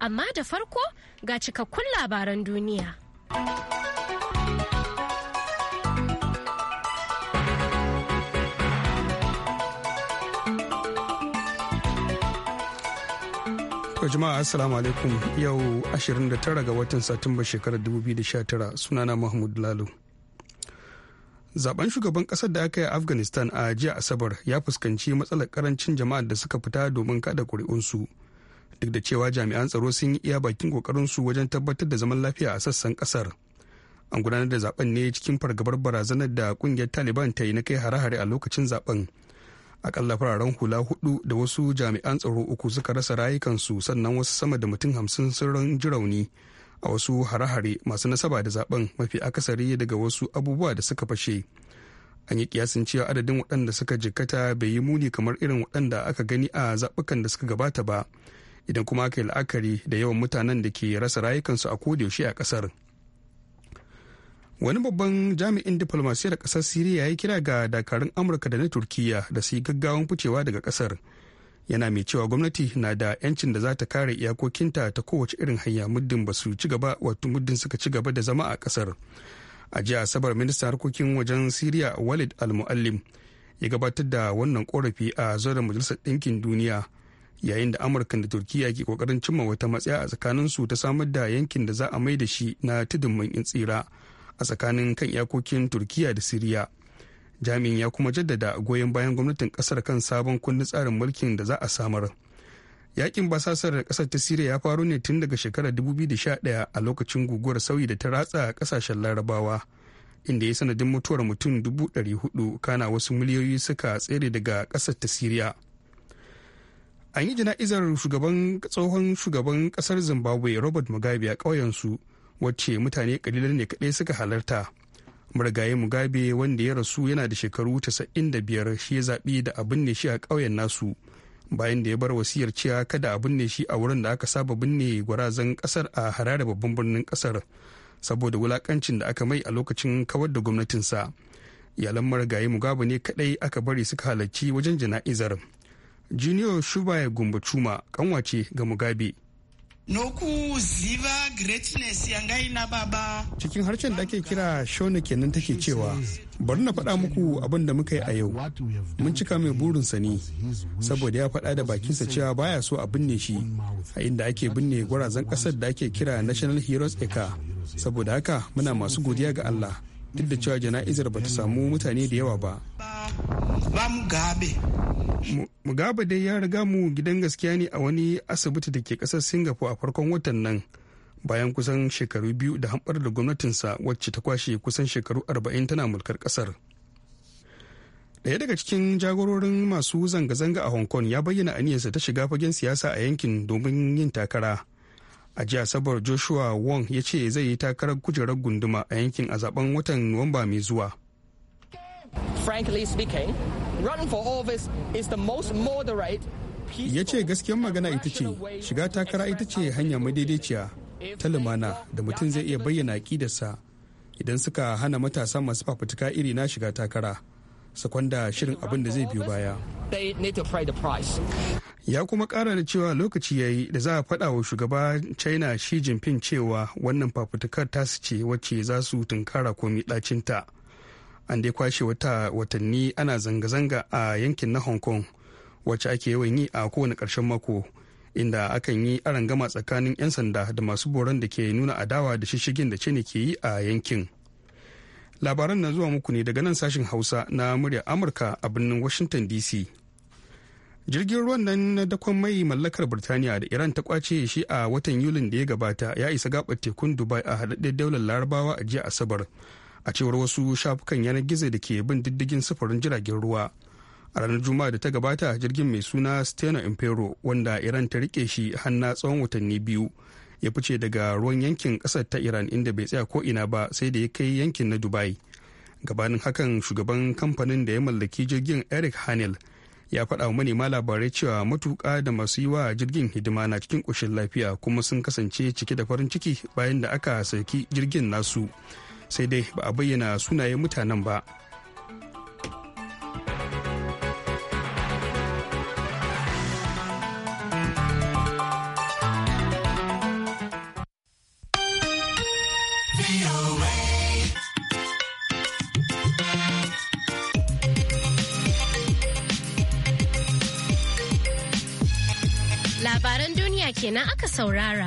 amma da farko ga cikakkun labaran duniya. jama'a assalamu alaikum yau 29 ga watan satumba shekarar 2019 sunana mahmud lalo zaben shugaban kasar da aka yi a afghanistan a jiya asabar ya fuskanci matsalar karancin jama'ar da suka fita domin kada kuri'unsu su duk da cewa jami'an tsaro sun yi iya bakin su wajen tabbatar da zaman lafiya a sassan kasar an gudanar da zaben ne cikin fargabar barazanar da kungiyar taliban ta yi na kai hare-hare a lokacin zaben akalla fararen hula hudu da wasu jami'an tsaro uku suka rasa rayukansu sannan wasu sama da mutum hamsin sun ji rauni a wasu hare-hare masu nasaba da zaben mafi akasari daga wasu abubuwa da suka fashe an yi kiyasin cewa adadin waɗanda suka jikkata bai yi muni kamar irin waɗanda aka gani a zaɓukan da suka gabata ba idan kuma aka yi la'akari da yawan mutanen da ke rasa rayukansu a kodayaushe a kasar wani babban jami'in diflomasiyyar kasar siriya ya kira ga dakarun amurka da na turkiya da su yi gaggawan ficewa daga kasar yana mai cewa gwamnati na da 'yancin da za ta kare iyakokinta ta kowace irin hanya muddin ba su ci gaba wato muddin suka ci gaba da zama a kasar a jiya asabar ministan harkokin wajen siriya walid al-muallim ya gabatar da wannan korafi a da majalisar ɗinkin duniya yayin da amurka da turkiya ke kokarin cimma wata matsaya a su ta samar da yankin da za a mai da shi na tudun man tsira a tsakanin kan iyakokin turkiya da siriya jami'in ya kuma jaddada goyon bayan gwamnatin kasar kan sabon kundin tsarin mulkin da za a samar yakin basasar da kasar ta siriya ya faru ne tun daga shekarar 2011 a lokacin guguwar sauyi da ta ratsa kasashen larabawa inda ya sanadin mutuwar mutum 400 kana wasu miliyoyi suka tsere daga kasar ta siriya an yi jana'izar shugaban tsohon shugaban kasar zimbabwe robert mugabe a ƙauyensu wacce mutane kalilan ne kaɗai suka halarta marigayi mugabe wanda ya rasu yana da shekaru 95 shi ya zaɓi da abin ne shi a ƙauyen nasu bayan da ya bar wasiyar cewa kada a binne shi a wurin da aka saba binne gwarazan kasar a harare babban birnin kasar saboda wulakancin da aka mai a lokacin kawar da gwamnatinsa iyalan marigayi mugabe ne kaɗai aka bari suka halarci wajen jana'izar junior shubaye gumbachuma kanwace ga mugabe ziva greatness yanga ina baba cikin harshen da ake kira shona kenan take cewa bari na faɗa muku abin da muka yi a yau mun cika mai burinsa ne saboda ya faɗa da bakinsa cewa baya so a binne shi a inda ake binne gwarazan ƙasar da ake kira national heroes eka saboda haka muna masu godiya ga allah duk da cewa jana'izar ba ta samu mutane da yawa ba ba mu gabe Mugabe dai ya riga mu gidan gaskiya ne a wani asibiti da ke kasar Singapore a farkon watan nan bayan kusan shekaru biyu da hamɓar da gwamnatinsa wacce ta kwashe kusan shekaru arba'in tana mulkar kasar. Daya daga cikin jagororin masu zanga-zanga a Hong Kong ya bayyana aniyarsa ta shiga fagen siyasa a yankin domin yin takara. A jiya sabar Joshua Wong ya ce zai yi takarar kujerar gunduma a yankin a zaben watan Nuwamba mai zuwa. Frankly speaking, run for office is the most moderate ya ce gaskiyar magana ita ce shiga takara ita ce hanya madaidaiciya ta lumana da mutum zai iya bayyana aƙidarsa idan suka hana matasa masu fafutuka iri na shiga takara sakwanda shirin abin da zai biyo baya ya kuma kara da cewa lokaci ya yi da za a faɗa wa shugaba china shi jinping cewa wannan fafutukar tasu ce wacce za su tunkara komi ɗacinta. an dai kwashe wata watanni ana zanga-zanga a yankin na hong kong wacce ake yawan yi a kowane karshen mako inda akan yi gama tsakanin 'yan sanda da masu boron da ke nuna adawa da shishigin da ce ne ke yi a yankin labaran na zuwa muku ne daga nan sashen hausa na muryar amurka a birnin washington dc jirgin ruwan nan na dakon mai mallakar birtaniya da iran ta kwace shi a watan yulin da ya gabata ya isa gabar tekun dubai a haɗaɗɗen daular larabawa a jiya asabar a cewar wasu shafukan yanar gizo da ke bin diddigin sufurin jiragen ruwa a ranar juma'a da ta gabata jirgin mai suna steno impero wanda iran ta rike shi hanna tsawon watanni biyu ya fice daga ruwan yankin kasar ta iran inda bai tsaya ko ina ba sai da ya kai yankin na dubai gabanin hakan shugaban kamfanin da ya mallaki jirgin eric hanel ya faɗa wa manema labarai cewa matuƙa da masu yi wa jirgin hidima na cikin ƙoshin lafiya kuma sun kasance cike da farin ciki bayan da aka saki jirgin nasu sai dai ba a bayyana sunaye mutanen ba Labaran duniya kenan aka saurara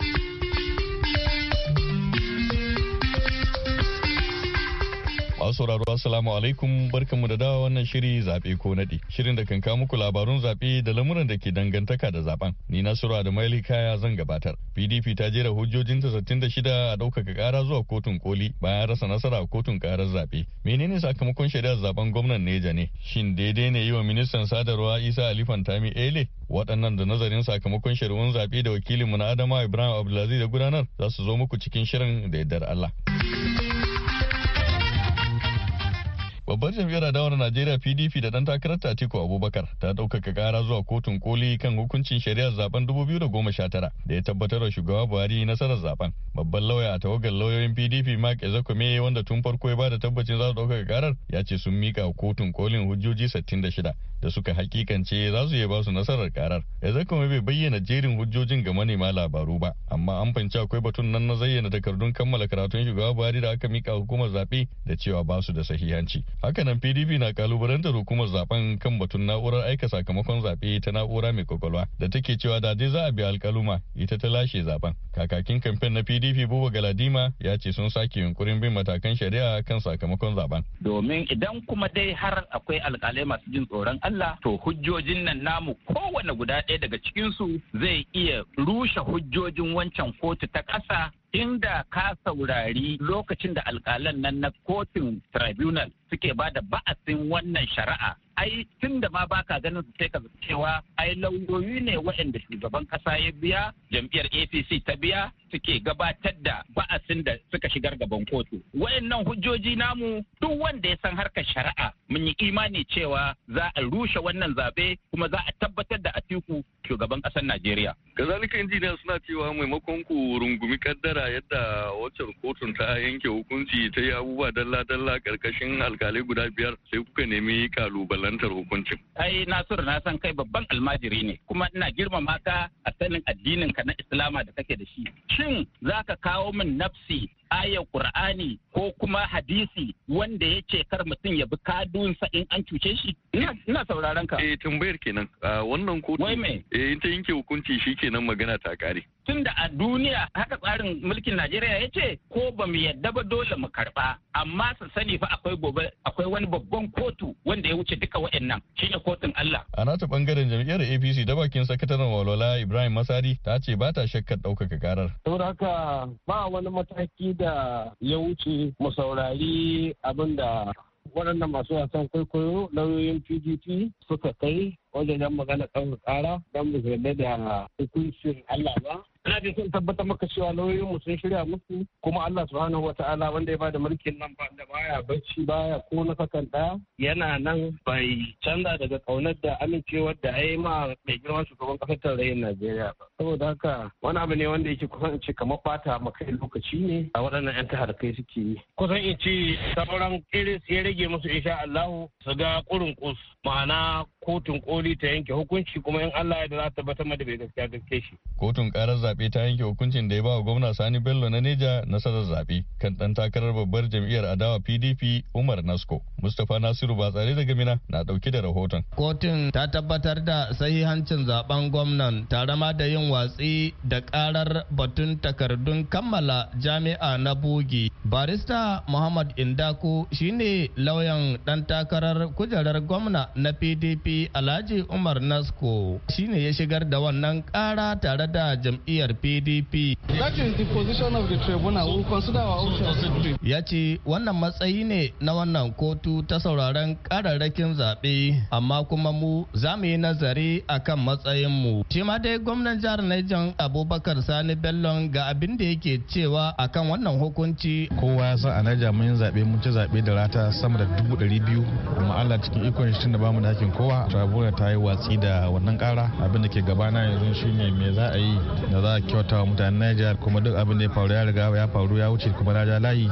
Masu sauraro Assalamu alaikum barkanmu da dawa wannan shiri zaɓe ko naɗi. Shirin da kan kawo muku labarun zaɓe da lamuran da ke dangantaka da zaben. Ni Nasiru da Maili Kaya zan gabatar. PDP ta jera da 66 a ɗaukaka ƙara zuwa kotun koli bayan rasa nasara a kotun ƙarar zaɓe. Menene sakamakon shari'ar zaben gwamnan Neja ne? Shin daidai ne yi wa ministan sadarwa Isa Ali Fantami Ele? Waɗannan da nazarin sakamakon shari'un zaɓe da wakilinmu na Adama Ibrahim Abdulaziz da gudanar za su zo muku cikin shirin da yardar Allah. Babbar jam'iyyar adawar Najeriya PDP da dan takarar Tatiku Abubakar ta ɗaukaka ƙara zuwa kotun koli kan hukuncin shari'ar zaben 2019 da ya tabbatar da shugaba Buhari nasarar zaben. Babban lauya a tawagar lauyoyin PDP Mark Ezekwume wanda tun farko ya bada tabbacin za su ɗaukaka ƙarar ya ce sun mika kotun kolin hujjoji 66 da suka hakikance za su iya ba su nasarar ƙarar. Ezekwume bai bayyana jerin hujjojin ga manema labaru ba amma an fahimci akwai batun nan na zayyana takardun kammala karatun shugaba Buhari da aka mika hukumar zaɓe da cewa ba su da sahihanci. hakanan pdp na kalubalantar hukumar zaben kan batun na'urar aika sakamakon zaɓe ta na'ura mai kwakwalwa da take cewa da dai za a biya alkaluma ita ta lashe zaben kakakin kamfen na pdp buba galadima ya ce sun sake yunkurin bin matakan shari'a kan sakamakon zaben domin idan kuma dai har akwai alkalai masu jin tsoron allah to hujjojin nan namu kowane guda ɗaya daga cikinsu zai iya rushe hujjojin wancan kotu ta ƙasa inda ka saurari lokacin da alkalan nan na kotun tribunal suke ba da ba'asin wannan shari'a ai tun da ma baka ganin su sai ka cewa ai lauyoyi ne waɗanda shugaban kasa ya biya jam'iyyar APC ta biya suke gabatar da ba'asin da suka shigar gaban kotu. Waɗannan hujjoji namu duk wanda ya san harkar shari'a mun yi imani cewa za a rushe wannan zabe kuma za a tabbatar da Atiku shugaban ƙasar Najeriya. Kazalika injiniya suna cewa maimakon ku rungumi kaddara yadda wacce kotun ta yanke hukunci ta yi abubuwa dalla-dalla ƙarƙashin alkalai guda biyar sai kuka nemi kalubalen fuskantar hukuncin. Ai Nasiru na san kai babban almajiri ne kuma ina girmama ka a sanin addinin ka na Islama da kake da shi. Shin za ka kawo min nafsi ayar Qur'ani ko kuma hadisi wanda ya ce kar mutum ya bi kadunsa in an cuce shi? Ina sauraron ka. Eh tambayar kenan. Ah, wannan kotu. Wai me? Eh ta yanke hukunci shi kenan magana ta kare. tun da a duniya haka tsarin mulkin Najeriya ya ce ko ba mu yadda ba dole mu karba amma su sani fa akwai gobe akwai wani babban kotu wanda ya wuce duka waɗannan shine kotun Allah. A nata bangaren jam'iyyar APC da bakin sakataren walwala Ibrahim Masari ta ce ba ta shakkar ɗaukaka karar. Saboda haka ba wani mataki da ya wuce mu saurari abin da waɗannan masu wasan kwaikwayo lauyoyin pdp suka kai wajen magana kan ƙara don mu yarda da hukuncin Allah ba Ina ji son tabbatar maka cewa lauyoyin mu sun shirya musu kuma Allah subhanahu wa ta'ala wanda ya bada mulkin nan ba da baya bacci baya ko na sakan yana nan bai canza daga kaunar da amincewar da a yi ma mai girman shugaban kasar tarayyar Najeriya ba. Saboda haka wani abu ne wanda yake kusan ce kamar ma kai lokaci ne a waɗannan 'yan taharkai suke yi. Kusan in ce sauran iris ya rage musu insha Allahu su ga kurin kus ma'ana kotun koli ta yanke hukunci kuma in Allah ya da za ta tabbatar da bai gaskiya gaske shi. Kotun ƙarar zaɓe ta yanke hukuncin da ya ba wa gwamna Sani Bello na Neja nasarar zaɓe kan ɗan takarar babbar jam'iyyar adawa PDP Umar Nasko. Mustapha Nasiru ba Batsare daga Mina na ɗauki da rahoton. Kotun ta tabbatar da sahihancin zaben gwamnan tare ma da yin watsi da ƙarar batun takardun kammala jami'a na Bugi. Barista Muhammad Indaku shine lauyan ɗan takarar kujerar gwamna na PDP Alhaji Umar Nasko shine ya shigar da wannan ƙara tare da jam'iyyar jam'iyyar PDP. Ya ce wannan matsayi ne na wannan kotu ta sauraron kararrakin zaɓe amma kuma mu za mu yi nazari a kan matsayinmu. Shi ma dai gwamnan jihar Niger Abubakar Sani bellon ga abin da yake cewa a kan wannan hukunci. Kowa ya san a Niger mun yi zaɓe mun ci zaɓe da rata sama da dubu ɗari biyu amma Allah cikin ikon shi da bamu da hakin kowa. Tribunal ta yi watsi da wannan ƙara abin da ke gabana yanzu shine me za a yi da za ba kyauta wa mutanen Niger kuma duk abin da ya faru ya riga ya faru ya wuce kuma na ja layi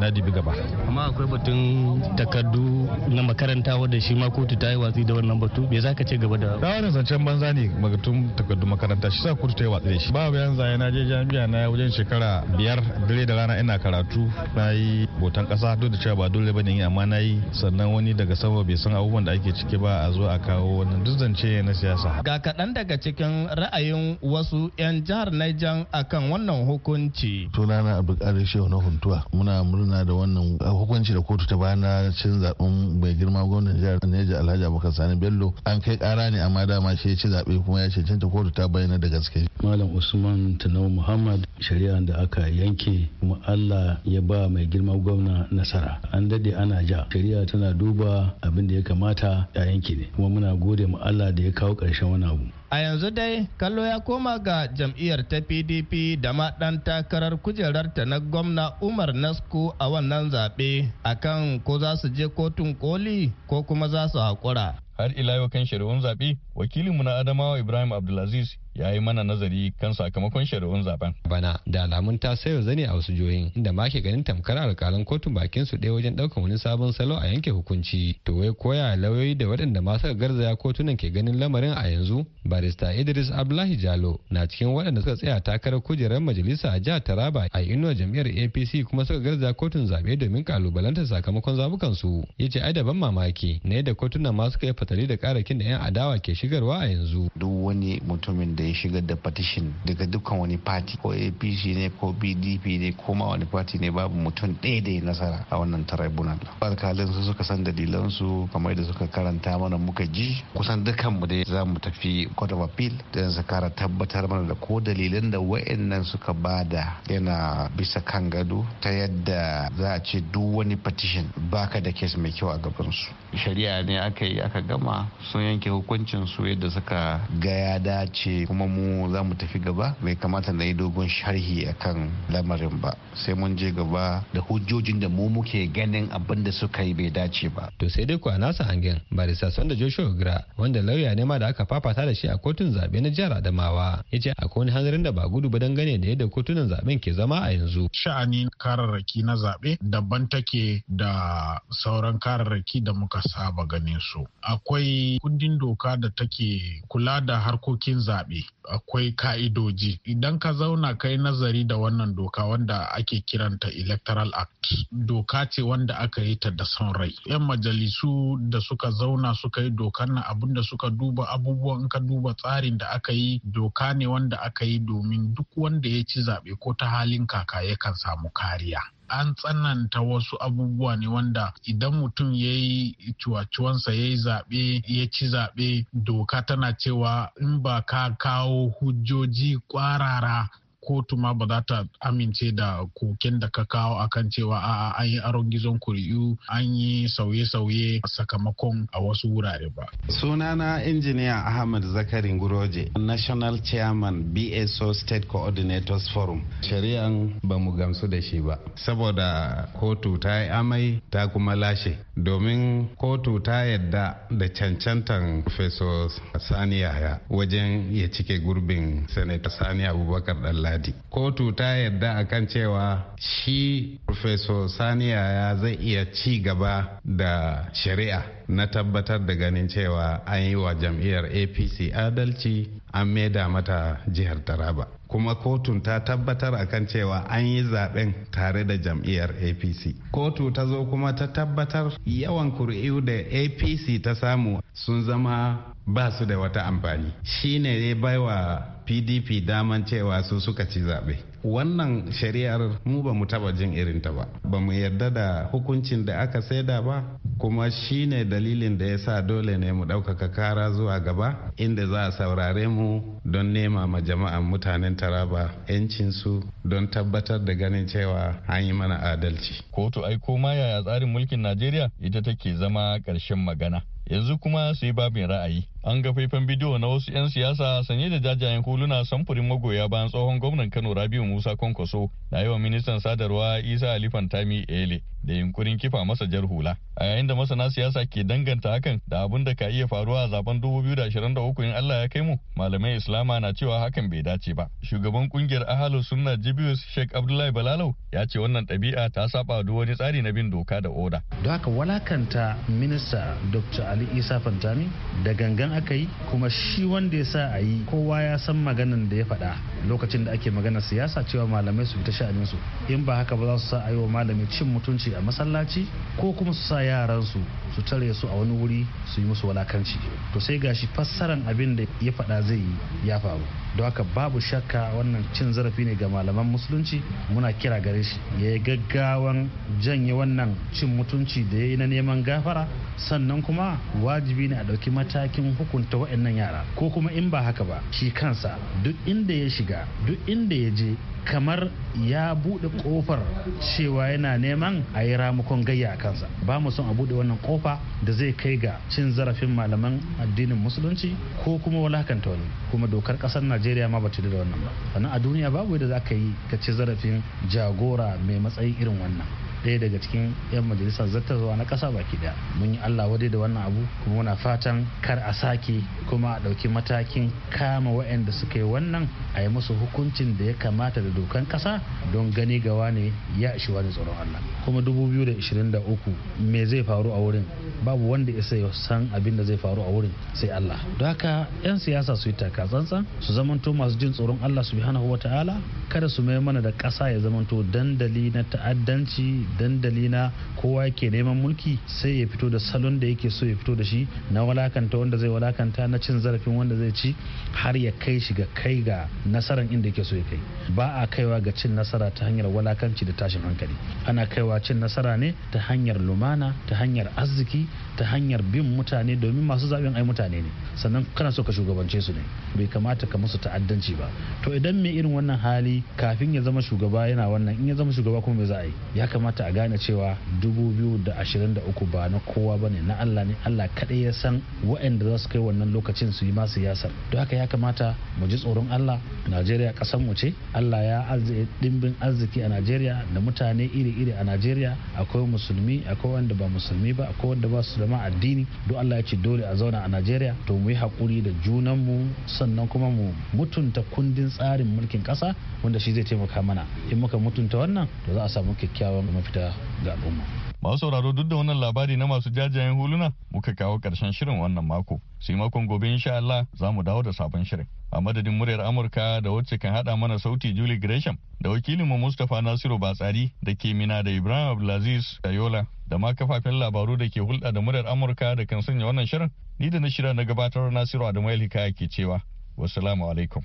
na dibi gaba. Amma akwai batun takardu na makaranta wadda shi ma kotu ta yi watsi da wannan batu me zaka ce gaba da. Da wannan zancen banza ne magatun takardu makaranta shi sa kotu ta yi watsi da shi. Ba bayan zaya na je jami'a na wajen shekara biyar dare da rana ina karatu na yi botan kasa duk da cewa ba dole bane yi amma na yi sannan wani daga sama bai san abubuwan da ake ciki ba a zo a kawo wannan duk zance na siyasa. Ga kaɗan daga cikin ra'ayin wasu 'yan jihar jihar Niger akan wannan hukunci. Sunana Abdulkadir Shehu na Huntuwa muna murna da wannan hukunci da kotu ta bana cin zaben bai girma gwamnan jihar Niger Alhaji Abubakar Sani Bello an kai kara ne amma dama shi ya ci zaɓe kuma ya cancanta kotu ta bayyana da gaske. Malam Usman Tanau Muhammad shari'a da aka yanke kuma Allah ya ba mai girma gwamna nasara. An dade ana ja shari'a tana duba abin da ya kamata a yanke ne kuma muna gode ma Allah da ya kawo ƙarshen wani abu. a yanzu dai kallo ya koma ga jam'iyyar ta pdp da ma ɗan takarar kujerarta na gwamna umar nasku a wannan zaɓe akan ko za su je kotun koli ko kuma za su haƙura har ila yau kan shirin zaɓe wakilinmu na adamawa ibrahim abdulaziz ya yi mana nazari kan sakamakon shari'un zaben. bana da alamun ta sayo zane a wasu jihohin inda ma ke ganin tamkar alkalan kotun bakin su ɗaya wajen ɗaukar wani sabon salo a yanke hukunci to wai koya lauyoyi da waɗanda ma suka garzaya kotunan ke ganin lamarin a yanzu barista idris abdullahi jalo na cikin waɗanda suka tsaya takarar kujerar majalisa a jihar taraba a inuwa jam'iyyar apc kuma suka garzaya kotun zaɓe domin kalubalantar sakamakon zabukan su ya ce ai daban mamaki na yadda kotunan ma suka yi fatali da ƙarakin da 'yan adawa ke shigarwa a yanzu duk wani mutumin da ya shigar da petition daga dukkan wani party ko apc ne ko pdp ne ko ma wani party ne babu mutum ɗaya da ya nasara a wannan tribunal alkalin su suka san dalilan su kamar da suka karanta mana muka ji kusan dukkan mu da za mu tafi court of appeal don su kara tabbatar mana da ko dalilan da wa'annan suka bada yana bisa kan gado ta yadda za a ce duk wani petition baka da kes mai kyau a gabansu shari'a ne aka yi aka gama sun yanke hukuncin su yadda suka ga ya dace kuma mu za mu tafi gaba bai kamata na yi dogon sharhi kan lamarin ba sai mun je gaba da hujjojin da mu muke ganin abin da suka yi bai dace ba to sai dai kuwa nasa hangen barista da joshua gra wanda lauya ne ma da aka fafata da shi a kotun zaɓe na jihar adamawa ya ce akwai wani hanzarin da ba gudu ba dangane da yadda kotunan zaɓen ke zama a yanzu sha'anin kararraki na zaɓe daban take da sauran kararraki da muka saba ganin su akwai kundin doka da take kula da harkokin zaɓe akwai ka'idoji idan ka zauna kai nazari da wannan doka wanda ake kiranta electoral act doka ce wanda aka yi ta da son rai yan majalisu da suka zauna suka yi dokan nan da suka duba abubuwan in ka duba tsarin da aka yi doka ne wanda aka yi domin duk wanda ya ci zaɓe ko ta halin kaka yakan samu kariya an tsananta wasu abubuwa ne wanda idan mutum ya yi ciwaciwansa ya yi zaɓe ya ci zaɓe doka tana cewa in ba ka kawo hujjoji ƙwarara. kotu ma ba za ta amince da koken da ka kawo akan cewa a an yi aron gizon kuri'u an yi sauye-sauye a sakamakon a wasu wurare ba. Sunana injiniya Ahmad Zakari Guroje, National Chairman BSO State Coordinators Forum. Shari'an ba mu gamsu da shi ba, saboda kotu ta yi amai ta kuma lashe. Domin kotu ta yadda da cancantan Professor Sani Yahya wajen ya cike gurbin Senator Sani Abubakar Dalla kotu ta yadda akan cewa shi professor sani ya zai iya ci gaba da shari'a na tabbatar da ganin cewa an yi wa jam'iyyar apc adalci an maida mata jihar taraba kuma kotun ta tabbatar akan cewa an yi zaben tare da jam'iyyar apc kotu ta zo kuma ta tabbatar yawan kuri'u da apc ta samu sun zama ba su da wata amfani shine ne baiwa pdp daman cewa su suka ci zaɓe wannan shari'ar mu ba mu taba jin irinta ba ba mu yarda da hukuncin da aka saida ba kuma shi ne dalilin da ya sa dole ne mu ɗaukaka kara zuwa gaba inda za a saurare mu don nema ma jama'an mutanen taraba 'yancinsu don tabbatar da ganin cewa an yi mana adalci kotu ai koma yaya tsarin mulkin najeriya ita take zama ƙarshen magana yanzu kuma sai babin ra'ayi an ga faifan bidiyo na wasu 'yan siyasa sanye da jajayen huluna samfurin magoya bayan tsohon gwamnan kano rabiu musa kwankwaso na yawan ministan sadarwa isa ali fantami ele da yunkurin kifa masa jar hula a yayin da masana siyasa ke danganta hakan da abin da ka iya faruwa a zaben 2023 in allah ya kai mu malamai islama na cewa hakan bai dace ba shugaban kungiyar ahalu sunna jibius sheikh abdullahi balalau ya ce wannan ɗabi'a ta saba duk wani tsari na bin doka da oda don haka walakanta minista dr ali isa fantami da gangan aka yi kuma shi wanda ya sa a yi kowa ya san maganan da ya faɗa lokacin da ake magana siyasa cewa malamai su ta sha'anin su in ba haka ba za su sa a yi wa malami cin mutunci a masallaci ko kuma su sa yaran su su tare su a wani wuri su yi musu walakanci to sai gashi fassaran abin da ya faɗa zai yi ya faru don haka babu shakka wannan cin zarafi ne ga malaman musulunci muna kira gare shi ya yi gaggawan janye wannan cin mutunci da ya yi na neman gafara sannan kuma wajibi ne a ɗauki matakin hukunta waɗannan yara ko kuma in ba haka ba shi kansa duk inda ya shiga duk inda ya je kamar ya buɗe ƙofar cewa yana neman a yi ramukon gayya a kansa ba mu son a buɗe wannan ƙofa da zai kai ga cin zarafin malaman addinin musulunci ko kuma walakanta wani kuma dokar ƙasar najeriya ma ba ta da wannan ba sannan a duniya babu yadda za ka yi ka ci zarafin jagora mai matsayin irin wannan ɗaya daga cikin 'yan majalisar zattarwa na ƙasa baki ɗaya mun yi allah wadai da wannan abu kuma muna fatan kar a sake kuma a ɗauki matakin kama waɗanda suka yi wannan a yi musu hukuncin da ya kamata da dokan ƙasa don gani gawa ne ya ishi wani tsoron allah kuma 2023 me zai faru a wurin babu wanda isa ya san abin da zai faru a wurin sai allah don haka 'yan siyasa su yi taka tsantsan su zamanto masu jin tsoron allah subhanahu wa ta'ala kada su mai mana da ƙasa ya zamanto dandali na ta'addanci dandali na kowa ke neman mulki sai ya fito da salon da yake so ya fito da shi na walakanta wanda zai walakanta na cin zarafin wanda zai ci har ya kai shi ga kai ga nasarar inda yake so ya kai ba a kaiwa ga cin nasara ta hanyar walakanci da tashin hankali ana kaiwa cin nasara ne ta hanyar lumana ta hanyar arziki ta hanyar bin mutane domin masu zaben ai mutane ne sannan kana so ka shugabance su ne bai kamata ka musu ta'addanci ba to idan mai irin wannan hali kafin ya zama shugaba yana wannan in ya zama shugaba kuma me za a yi ya kamata kamata a gane cewa 2023 ba na kowa bane na Allah ne Allah kadai ya san waɗanda za su kai wannan lokacin su yi ma yasar don haka ya kamata mu ji tsoron Allah Najeriya ƙasar mu ce Allah ya arziki dimbin arziki a Najeriya da mutane iri-iri a Najeriya akwai musulmi akwai wanda ba musulmi ba akwai wanda ba su zama addini don Allah ya ce dole a zauna a Najeriya to mu yi hakuri da junan mu sannan kuma mu mutunta kundin tsarin mulkin ƙasa wanda shi zai taimaka mana in muka mutunta wannan to za a samu kyakkyawan mafi fita ga al'umma. Masu sauraro duk da wannan labari na masu jajayen huluna muka kawo ƙarshen shirin wannan mako. Sai makon gobe insha Allah za mu dawo da sabon shirin. A madadin muryar Amurka da wacce kan haɗa mana sauti Julie Gresham da wakilin wakilinmu Mustapha Nasiru Batsari da ke mina da Ibrahim Abdulaziz Yola da ma kafafen labaru da ke hulɗa da muryar Amurka da kan sanya wannan shirin ni da na shirya na gabatar Nasiru Adamu Hikaya ke cewa wassalamu alaikum.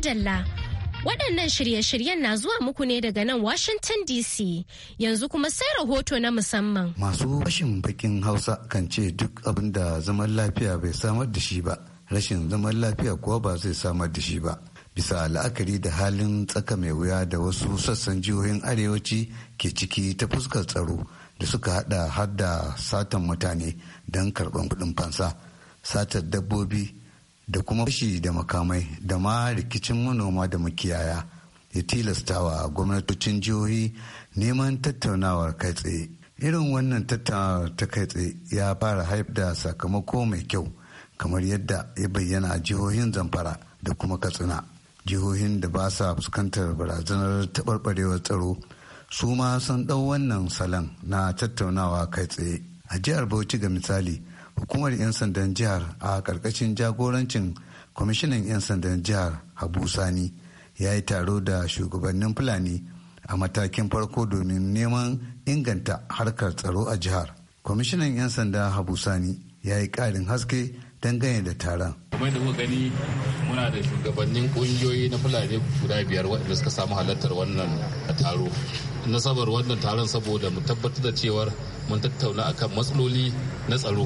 madalla. Waɗannan shirye-shiryen na zuwa muku ne daga nan Washington DC yanzu kuma sai rahoto na musamman. Masu rashin bakin Hausa kan ce duk abin da zaman lafiya bai samar da shi ba, rashin zaman lafiya kuwa ba zai samar da shi ba. Bisa la'akari da halin tsaka mai wuya da wasu sassan jihohin arewaci ke ciki ta fuskar tsaro da suka hada har da satan mutane don karɓar kuɗin fansa, satar dabbobi da kuma fashi da makamai da ma rikicin manoma da makiyaya ya tilastawa gwamnatocin jihohi neman tattaunawar kai tsaye irin wannan tattaunawar ta kai tsaye ya fara haifda sakamako mai kyau kamar yadda ya bayyana jihohin zamfara da kuma katsina jihohin da ba sa fuskantar barazanar taɓarɓarewar tsaro su ma sun ɗau wannan salon na tattaunawa kai tsaye a jihar bauchi ga misali hukumar 'yan sandan jihar a karkashin jagorancin kwamishinan 'yan sandan jihar habu sani ya yi taro da shugabannin fulani a matakin farko domin neman inganta harkar tsaro a jihar kwamishinan 'yan sanda habu sani ya yi ƙarin haske dangane da taron kamar da muka gani muna da shugabannin kungiyoyi na fulani guda biyar waɗanda suka samu halartar wannan taro nasabar wannan taron saboda mu tabbatar da cewar mun tattauna akan matsaloli na tsaro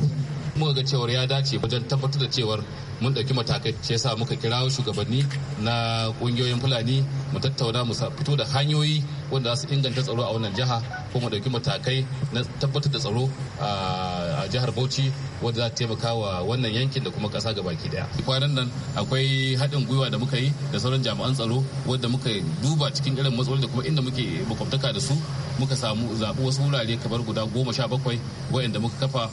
muka ga cewar ya dace wajen tabbatar da cewar mun ɗauki matakai ce yasa muka kira shugabanni na ƙungiyoyin fulani mu tattauna mu fito da hanyoyi wanda za su inganta tsaro a wannan jiha ko mu ɗauki matakai na tabbatar da tsaro a jihar Bauchi wanda za ta taimaka wa wannan yankin da kuma ƙasa gabaki daya. Kwanan nan akwai haɗin gwiwa da muka yi da sauran jami'an tsaro wanda muka duba cikin irin matsalolin da kuma inda muke makwabtaka da su muka samu zaɓi wasu wurare kamar guda goma sha bakwai waɗanda muka kafa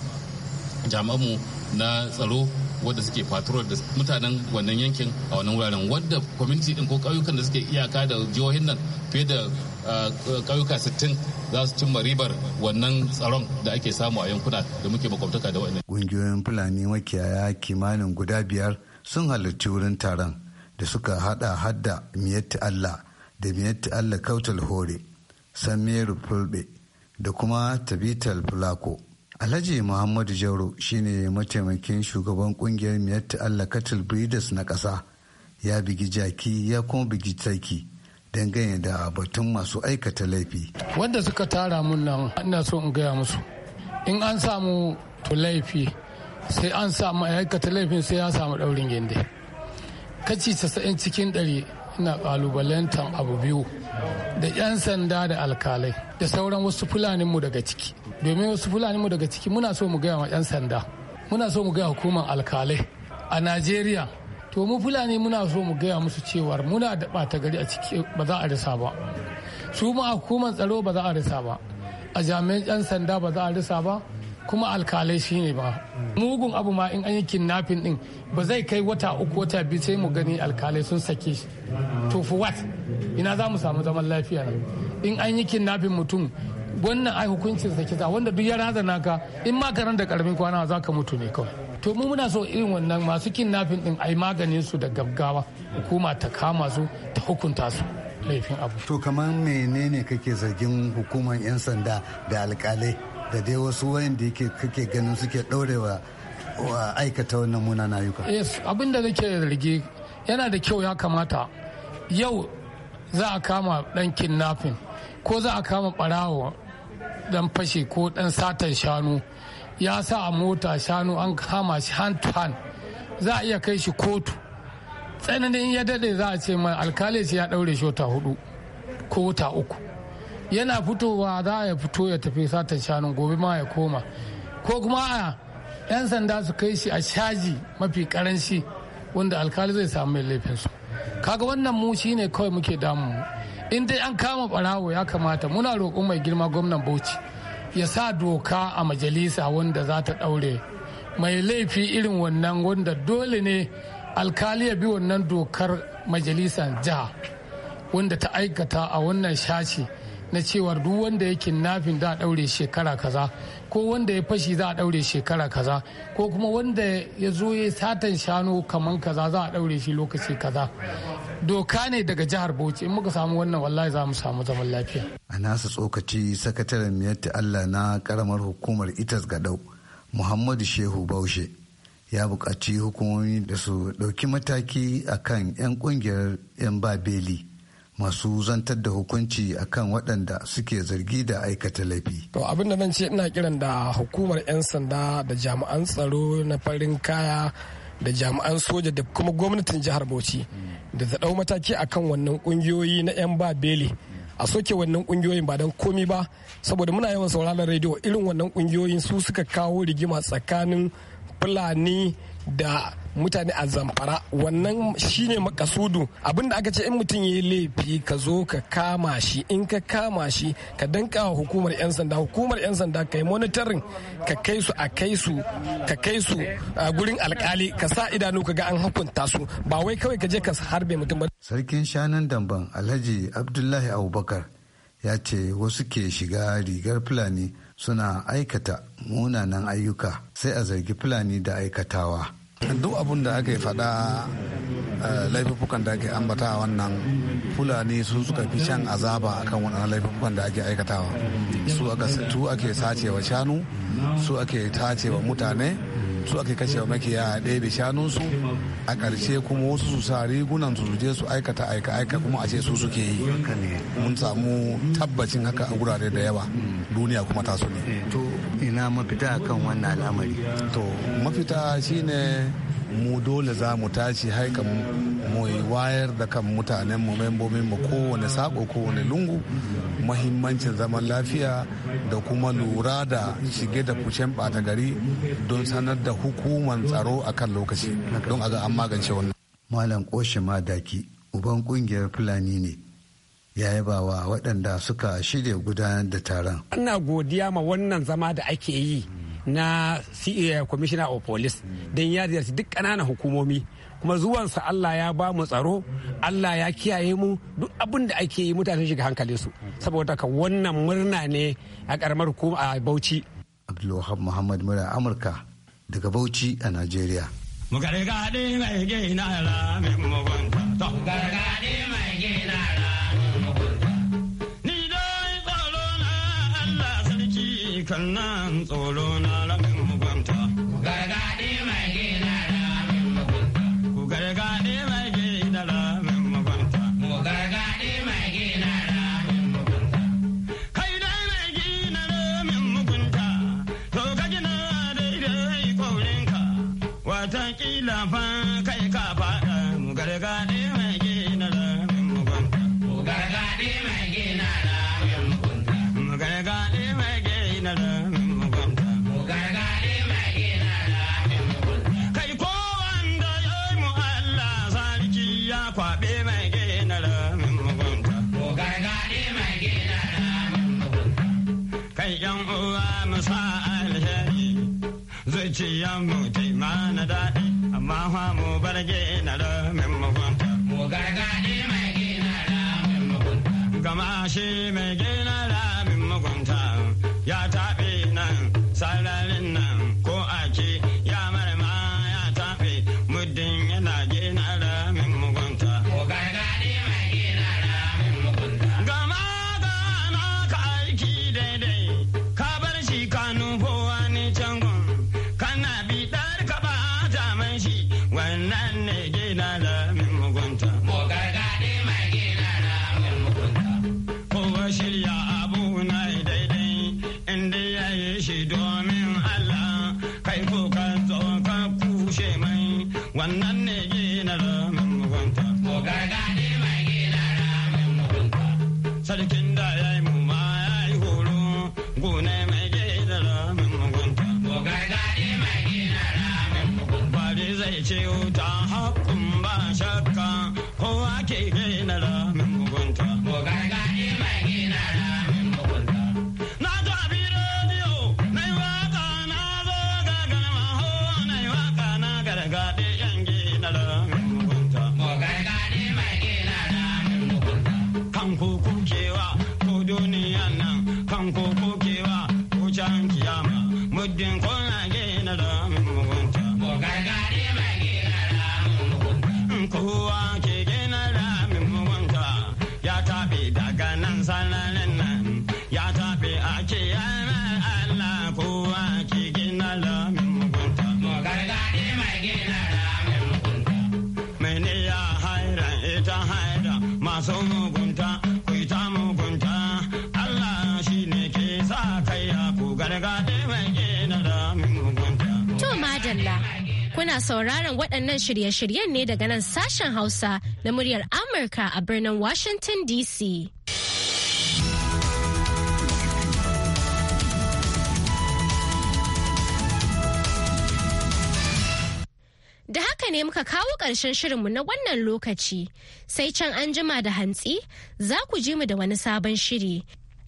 jami'anmu na tsaro wadda suke faturar da mutanen wannan yankin a wannan wuraren wadda kwaminti din ko ƙauyukan da suke iyaka da jihohin nan fiye da ah, ƙauyuka 60 za su cimma ribar wannan tsaron da ake samu a yankuna da muke makwabtaka da wannan. Ƙungiyoyin Fulani makiyaya kimanin guda biyar sun halarci wurin taron da suka hada hadda miyatti Allah da miyatti Allah kautal hore, meru Fulbe da kuma Tabital Fulako. Alhaji Muhammadu Jauro shine mataimakin shugaban kungiyar Miyatta Allah Cattle Breeders na ƙasa. Ya bigi jaki ya kuma bigi taki dangane da batun masu aikata laifi. Wanda suka tara mun nan ina so in gaya musu. In an samu to laifi sai an samu aikata laifin sai ya samu daurin yande Kaci 90 cikin ɗari ina kalubalantan abu biyu. da 'yan sanda da alkalai da sauran wasu fulaninmu daga ciki domin wasu fulaninmu daga ciki muna so mu gaya wa 'yan sanda muna so mu gaya hukumar alkalai a najeriya to mu fulani muna so mu gaya musu cewar muna da bata gari a ciki ba za a risa ba su ma hukumar tsaro ba za a risa ba a jami'an 'yan sanda ba za a risa ba kuma alkalai shine ba mugun abu ma in an yi kidnapping din ba zai kai wata uku wata biyu sai mu gani alkalai sun sake shi to for what ina za mu samu zaman lafiya in an yi kidnapping mutum wannan ai hukuncin sa za wanda duk ya razana ka in ma karan da karamin kwana za ka mutu ne kawai to mu muna so irin wannan masu kidnapping din ai maganin su da gaggawa hukuma ta kama su ta hukunta su laifin abu to kamar menene kake zargin hukumar yan sanda da alkalai da dai wasu wayanda yake kake ganin suke ɗaurewa wa aikata wannan munanan ayyuka yes abin da nake zargi yana da kyau ya kamata yau za a kama dan kidnapping ko za a kama barawo dan fashe ko dan satan shanu ya sa a mota shanu an kama shi hand to hand za a iya kai shi kotu tsananin ya dade za a ce mai alkali ya ɗaure shi wata hudu ko wata uku yana fitowa za ya fito ya tafi satan shanun gobe ma ya koma ko kuma a 'yan sanda su kai shi a shaji mafi karanci wanda alkali zai samu mai laifinsu kaga wannan mu shine kawai muke damu in dai an kama barawo ya kamata muna roƙon mai girma gwamnan bauchi ya sa doka a majalisa wanda za ta ɗaure mai laifi irin wannan wanda dole ne alkali ya bi wannan dokar majalisar jiha wanda ta aikata a wannan shashi na cewar duk wanda ya nafin za a daure shekara kaza ko wanda ya fashi za a daure shekara kaza ko kuma wanda ya zo ya satan shanu kaman kaza za a daure shi lokaci kaza doka ne daga jihar bauchi in muka samu wannan wallahi za mu samu zaman lafiya a nasa tsokaci sakataren miyatta allah na karamar hukumar itas gadau muhammadu shehu baushe ya buƙaci hukumomi da su ɗauki mataki a kan 'yan ƙungiyar 'yan babeli masu zantar da hukunci akan waɗanda suke zargi da aikata laifi. To abin da zan ce ina kiran da hukumar 'yan sanda da jami'an tsaro na farin kaya da jami'an soja da kuma gwamnatin jihar Bauchi da ta ɗau mataki akan wannan ƙungiyoyi na 'yan ba beli. a soke wannan kungiyoyin ba don komi ba saboda muna yawan sauraron rediyo irin wannan kungiyoyin su suka kawo rigima tsakanin fulani da mutane a zamfara wannan shine makasudu abinda aka ce in mutum ya yi laifi ka zo ka kama shi in ka kama shi ka danka wa hukumar 'yan sanda hukumar 'yan sanda ka yi monitorin ka kai su a kai su ka kai su a gurin alkali ka sa idanu ka ga an hukunta su ba wai kawai ka je ka harbe mutum ba sarkin shanan damban alhaji abdullahi abubakar ya ce wasu ke shiga rigar fulani suna aikata munanan ayyuka sai a zargi fulani da aikatawa duk abun da aka yi faɗa eh, laifukan da ake ambata a wannan fulani su suka fi shan azaba akan waɗannan laifukan da ake aikatawa su aka tu ake sacewa shanu su ake tacewa mutane su ake wa makiya da shanun su a ƙarshe kuma wasu su sa rigunan su je su aikata aika aika kuma a ce su suke yi mun samu tabbacin haka a gurare da yawa mm. duniya kuma su ne ina mafita kan wannan al'amari to mafita shine mu dole za mu tashi haika mu wayar da kan mutanen mu membobin mu kowane sako kowane lungu mahimmancin zaman lafiya da kuma lura da shige da fushen bata gari don sanar da hukuman tsaro akan lokaci don a ga an magance wannan malam koshe madaki uban kungiyar fulani ne ya yaba wa waɗanda suka shirya gudanar da taron. ana godiya ma wannan zama da ake yi na commissioner of police don ya ziyarci duk ƙananan hukumomi kuma zuwansa Allah ya ba mu tsaro Allah ya kiyaye mu duk abin da ake yi mutane shiga hankali su saboda ka wannan murna ne a karamar hukuma a Bauchi. Abdulwahab Muhammad Mura Amurka daga Bauchi a Najeriya. Gargaɗe mai gina ra mai mugunta. Gargaɗe mai gina ra cutar nan tsoro na rabin mugunta. Gargaɗi mai gina dan mu mana daɗi amma fa mu mai gina ramin mugunta. mugunta ya taɓe nan sararin nan. biyu ta haƙƙun ba shakka kowa ke Kuna sauraron waɗannan shirye-shiryen ne daga nan sashen Hausa na muryar Amurka a birnin Washington DC. Da haka ne muka kawo ƙarshen shirinmu na wannan lokaci, sai can anjima da hantsi za ku ji mu da wani sabon shiri.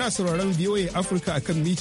Kuna sauraron VOA Africa akan mita